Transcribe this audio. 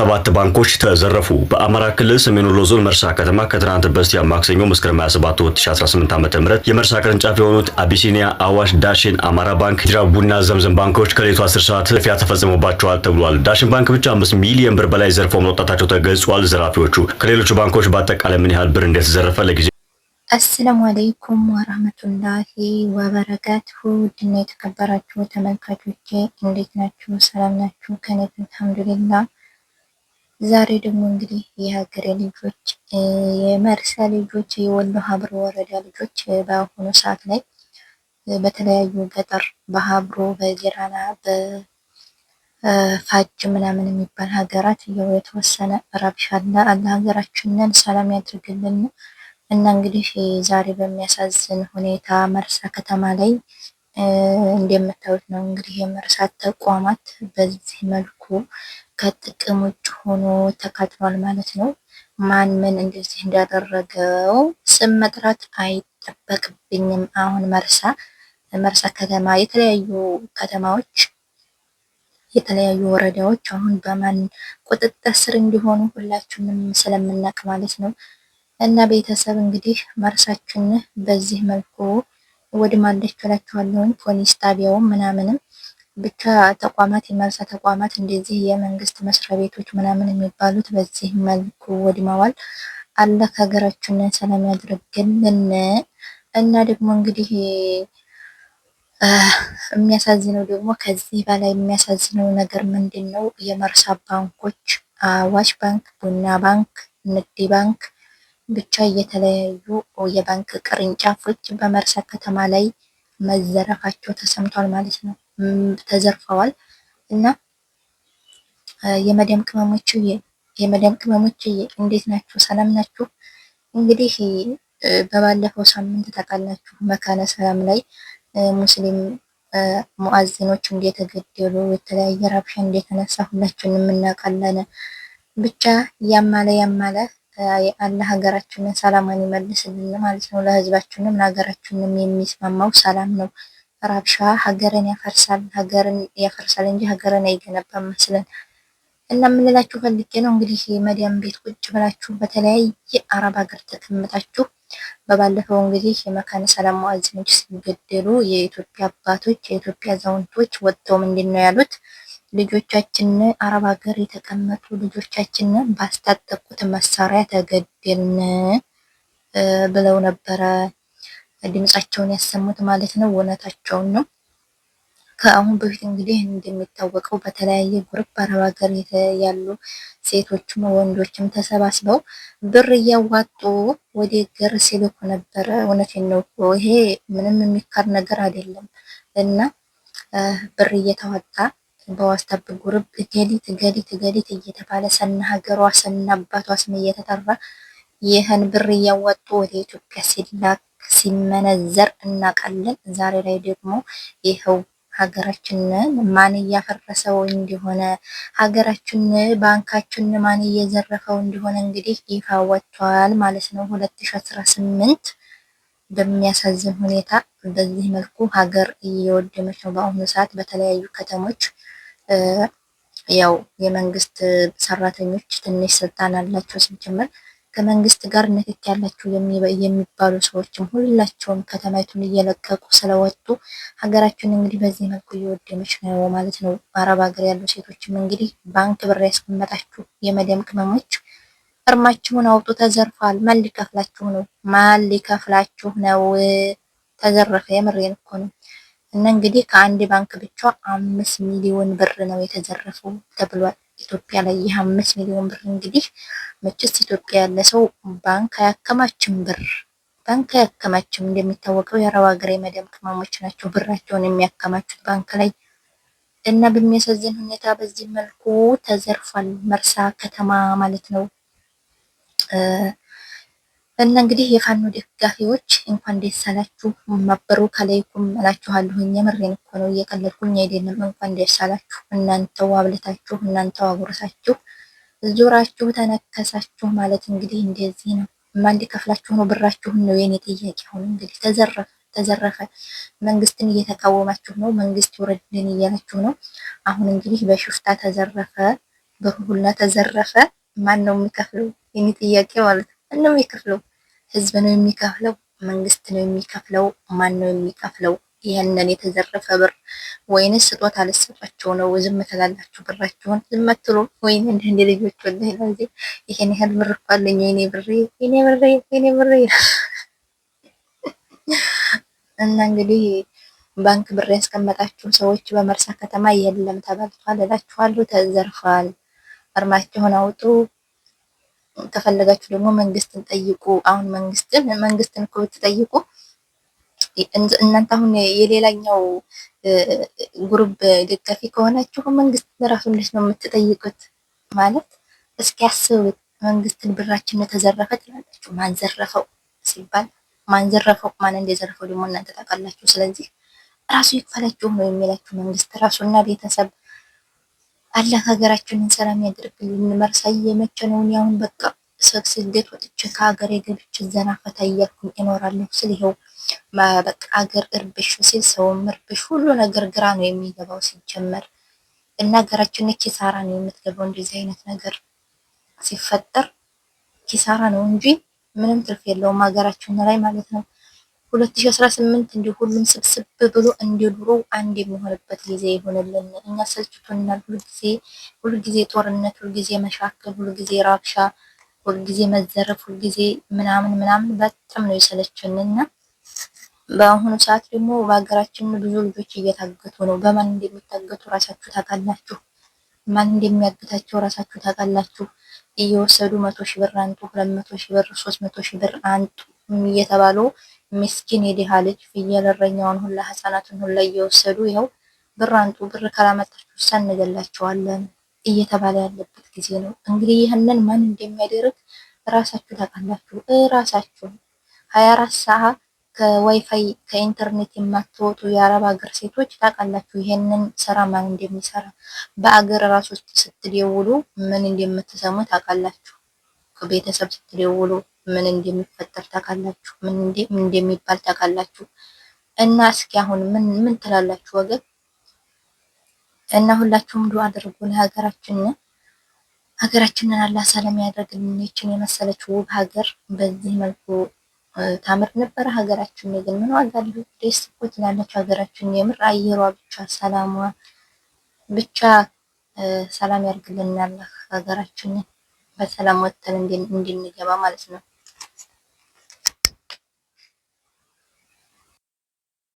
ሰባት ባንኮች ተዘረፉ። በአማራ ክልል ሰሜን ወሎ ዞን መርሳ ከተማ ከትናንት በስቲያ ማክሰኞ መስከረም 27 2018 ዓ.ም የመርሳ ቅርንጫፍ የሆኑት አቢሲኒያ፣ አዋሽ፣ ዳሽን፣ አማራ ባንክ፣ ሂጅራ ቡና፣ ዘምዘም ባንኮች ከሌቱ 10 ሰዓት ዝርፊያ ተፈጽሞባቸዋል ተብሏል። ዳሽን ባንክ ብቻ 5 ሚሊዮን ብር በላይ ዘርፈው መውጣታቸው ተገልጿል። ዘራፊዎቹ ከሌሎቹ ባንኮች በአጠቃላይ ምን ያህል ብር እንደተዘረፈ ለጊዜ አሰላሙ አለይኩም ወራህመቱላሂ ወበረካቱሁ። ድና የተከበራችሁ ተመልካቾቼ እንዴት ናችሁ? ሰላም ናችሁ? ከኔ አልሐምዱሊላህ ዛሬ ደግሞ እንግዲህ የሀገሬ ልጆች የመርሳ ልጆች የወሎ ሀብሮ ወረዳ ልጆች በአሁኑ ሰዓት ላይ በተለያዩ ገጠር በሀብሮ በጌራና በፋጅ ምናምን የሚባል ሀገራት ያው የተወሰነ ረብሻ አለ። አለ ሀገራችንን ሰላም ያድርግልን እና እንግዲህ ዛሬ በሚያሳዝን ሁኔታ መርሳ ከተማ ላይ እንደምታዩት ነው እንግዲህ የመርሳት ተቋማት በዚህ መልኩ ከጥቅም ውጭ ሆኖ ተካትሏል ማለት ነው። ማን ምን እንደዚህ እንዳደረገው ስም መጥራት አይጠበቅብኝም። አሁን መርሳ መርሳ ከተማ የተለያዩ ከተማዎች የተለያዩ ወረዳዎች አሁን በማን ቁጥጥር ስር እንዲሆኑ ሁላችንም ስለምናቅ ማለት ነው። እና ቤተሰብ እንግዲህ መርሳችን በዚህ መልኩ ወድማለች እላችኋለሁ። ፖሊስ ጣቢያውም ምናምንም ብቻ ተቋማት የመርሳ ተቋማት እንደዚህ የመንግስት መስሪያ ቤቶች ምናምን የሚባሉት በዚህ መልኩ ወድመዋል። አላህ ሀገራችንን ሰላም ያድርግልን። እና ደግሞ እንግዲህ የሚያሳዝነው ደግሞ ከዚህ በላይ የሚያሳዝነው ነገር ምንድን ነው? የመርሳ ባንኮች አዋሽ ባንክ፣ ቡና ባንክ፣ ንግድ ባንክ ብቻ የተለያዩ የባንክ ቅርንጫፎች በመርሳ ከተማ ላይ መዘረፋቸው ተሰምቷል ማለት ነው። ተዘርፈዋል እና የመዳም ቅመሞችዬ የመዳም ቅመሞችዬ እንዴት ናችሁ? ሰላም ናችሁ? እንግዲህ በባለፈው ሳምንት ታውቃላችሁ መካነ ሰላም ላይ ሙስሊም ሙአዚኖች እንደተገደሉ የተለያየ ረብሻ እንደተነሳ ሁላችንም እናውቃለን። ብቻ ያማለ ያማለ አላህ ሀገራችንን ሰላማን ይመልስልን ማለት ነው። ለህዝባችንም ለሀገራችንም የሚስማማው ሰላም ነው። ራብሻ ሀገርን ያፈርሳል ሀገርን ያፈርሳል እንጂ ሀገርን አይገነባም መስለን እና የምንላችሁ ፈልጌ ነው። እንግዲህ መዲያም ቤት ቁጭ ብላችሁ በተለያየ አረብ ሀገር ተቀምጣችሁ በባለፈው እንግዲህ የመካነ ሰላም ሙአዚኖች ሲገደሉ የኢትዮጵያ አባቶች የኢትዮጵያ አዛውንቶች ወጥተው ምንድን ነው ያሉት? ልጆቻችን አረብ ሀገር የተቀመጡ ልጆቻችን ባስታጠቁት መሳሪያ ተገደልን ብለው ነበረ። ድምጻቸውን ያሰሙት ማለት ነው። እውነታቸውን ነው። ከአሁን በፊት እንግዲህ እንደሚታወቀው በተለያየ ግሩፕ በአረብ ሀገር ያሉ ሴቶችም ወንዶችም ተሰባስበው ብር እያዋጡ ወደ ገር ሲልኩ ነበረ። እውነቴን ነው። ይሄ ምንም የሚካድ ነገር አይደለም እና ብር እየተዋጣ በዋስታብ ግሩፕ ገሊት ገሊት ገሊት እየተባለ ሰና ሀገሯ ሰና አባቷ ስም እየተጠራ ይህን ብር እያዋጡ ወደ ኢትዮጵያ ሲላክ ሲመነዘር እናውቃለን። ዛሬ ላይ ደግሞ ይኸው ሀገራችን ማን እያፈረሰው እንደሆነ ሀገራችን ባንካችን ማን እየዘረፈው እንደሆነ እንግዲህ ይፋ ወጥቷል ማለት ነው። 2018 በሚያሳዝን ሁኔታ በዚህ መልኩ ሀገር እየወደመች ነው። በአሁኑ ሰዓት በተለያዩ ከተሞች ያው የመንግስት ሰራተኞች ትንሽ ስልጣን አላቸው ሲጀመር ከመንግስት ጋር ንክኪ ያላቸው የሚባሉ ሰዎችም ሁላቸውም ከተማይቱን እየለቀቁ ስለወጡ ሀገራችን እንግዲህ በዚህ መልኩ እየወደመች ነው ማለት ነው። በአረብ ሀገር ያሉ ሴቶችም እንግዲህ ባንክ ብር ያስቀመጣችሁ የመደም ቅመሞች እርማችሁን አውጡ፣ ተዘርፏል። ማን ሊከፍላችሁ ነው? ማን ሊከፍላችሁ ነው? ተዘረፈ። የምሬን እኮ ነው። እና እንግዲህ ከአንድ ባንክ ብቻ አምስት ሚሊዮን ብር ነው የተዘረፈው ተብሏል። ኢትዮጵያ ላይ ይህ አምስት ሚሊዮን ብር እንግዲህ መቼስ ኢትዮጵያ ያለ ሰው ባንክ አያከማችም ብር ባንክ አያከማችም። እንደሚታወቀው የአረብ ሀገር የመዳም ቅመሞች ናቸው ብራቸውን የሚያከማቹት ባንክ ላይ እና በሚያሳዝን ሁኔታ በዚህ መልኩ ተዘርፏል። መርሳ ከተማ ማለት ነው። እና እንግዲህ የፋኖ ደጋፊዎች እንኳን ደስ አላችሁ፣ መብሩክ አለይኩም እላችኋለሁኝ። የምሬን እኮ ነው እየቀለድኩኝ አይደለም። እንኳን ደስ አላችሁ እናንተው አብልታችሁ፣ እናንተው አጉርሳችሁ፣ ዙራችሁ ተነከሳችሁ ማለት እንግዲህ እንደዚህ ነው። ማን ሊከፍላችሁ ነው? ብራችሁን ነው የኔ ጥያቄ። አሁን እንግዲህ ተዘረፈ ተዘረፈ። መንግስትን እየተቃወማችሁ ነው፣ መንግስት ይውረድልን እያላችሁ ነው። አሁን እንግዲህ በሽፍታ ተዘረፈ፣ ብር ተዘረፈ። ማን ነው የሚከፍለው? የኔ ጥያቄ ማለት ነው። ማን ነው የሚከፍለው? ህዝብ ነው የሚከፍለው? መንግስት ነው የሚከፍለው? ማን ነው የሚከፍለው? ይህንን የተዘረፈ ብር ወይንስ ስጦታ ልሰጧቸው ነው? ዝም ትላላችሁ? ብራችሁን ዝም አትሉ? ወይኔ እንደ ልጆች ወላሂ ላዚ ይሄን ያህል ብር እኮ አለኝ፣ ወይኔ ብሬ፣ ወይኔ ብሬ፣ ወይኔ ብሬ። እና እንግዲህ ባንክ ብር ያስቀመጣችሁ ሰዎች በመርሳ ከተማ የለም ተበልቷል እላችኋለሁ፣ ተዘርፏል። እርማችሁን አውጡ። ከፈለጋችሁ ደግሞ መንግስትን ጠይቁ። አሁን መንግስትን መንግስትን እኮ ብትጠይቁ እናንተ አሁን የሌላኛው ጉሩብ ደጋፊ ከሆናችሁ መንግስትን ራሱ እንዴት ነው የምትጠይቁት? ማለት እስኪ ያስቡት። መንግስትን ብራችን ተዘረፈ ትላላችሁ። ማን ዘረፈው ሲባል ማን ዘረፈው ማን እንደዘረፈው ደግሞ እናንተ ታውቃላችሁ። ስለዚህ ራሱ ይክፈላችሁ ነው የሚላችሁ መንግስት ራሱና ቤተሰብ አላህ ሀገራችንን ሰላም ያደርግልን። መርሳዬ የመቸ ነውን? ያሁን በቃ ሰብ ስደት ወጥቼ ከሀገር የገብቼ ዘና ፈታ እያልኩኝ እኖራለሁ ስል ይኸው በቃ ሀገር እርብሽ ሲል ሰውም እርብሽ፣ ሁሉ ነገር ግራ ነው የሚገባው ሲጀመር እና ሀገራችን ኪሳራ ነው የምትገባው። እንደዚህ አይነት ነገር ሲፈጠር ኪሳራ ነው እንጂ ምንም ትርፍ የለውም ሀገራችን ላይ ማለት ነው። 2018 እንዲሁ ሁሉም ስብስብ ብሎ እንደ ድሮ አንድ የሚሆንበት ጊዜ ይሆንልን። እኛ ሰልችቶናል። ሁልጊዜ ሁልጊዜ ጦርነት፣ ሁልጊዜ መሻከል፣ ሁልጊዜ ራብሻ፣ ሁልጊዜ መዘረፍ፣ ሁልጊዜ ምናምን ምናምን በጣም ነው የሰለችን በአሁኑ ሰዓት ደግሞ በሀገራችን ብዙ ልጆች እየታገቱ ነው። በማን እንደሚታገቱ ራሳችሁ ታውቃላችሁ። ማን እንደሚያግታቸው ራሳችሁ ታውቃላችሁ። እየወሰዱ መቶ ሺህ ብር አንጡ፣ ሁለት መቶ ሺህ ብር፣ ሶስት መቶ ሺህ ብር አንጡ እየተባሉ ምስኪን የድሃ ልጅ ፍየል እረኛውን ሁላ ህፃናትን ሁላ እየወሰዱ ይኸው ብር አንጡ ብር ካላመጣችሁ እንገላቸዋለን እየተባለ ያለበት ጊዜ ነው። እንግዲህ ይህንን ማን እንደሚያደርግ ራሳችሁ ታውቃላችሁ። ራሳችሁ ሀያ አራት ሰዓት ከዋይፋይ ከኢንተርኔት የማትወጡ የአረብ ሀገር ሴቶች ታውቃላችሁ ይህንን ስራ ማን እንደሚሰራ። በአገር ራሶች ስትደውሉ ምን እንደምትሰሙ ታውቃላችሁ። ቤተሰብ ስትደውሉ ምን እንደሚፈጠር ታውቃላችሁ? ምን እንደሚባል ታውቃላችሁ? እና እስኪ አሁን ምን ምን ትላላችሁ ወገን? እና ሁላችሁም ዱአ አድርጉ ለሀገራችን። ሀገራችንን አላህ ሰላም ያደርግልን። ይችን የመሰለች ውብ ሀገር በዚህ መልኩ ታምር ነበረ ሀገራችን። ግን ምን ዋጋ አለው? ደስ እኮ ትላለች ሀገራችን። የምር አየሯ ብቻ ሰላሟ ብቻ ሰላም ያርግልን አላህ ሀገራችንን። በሰላም ወጥተን እንድንገባ ማለት ነው።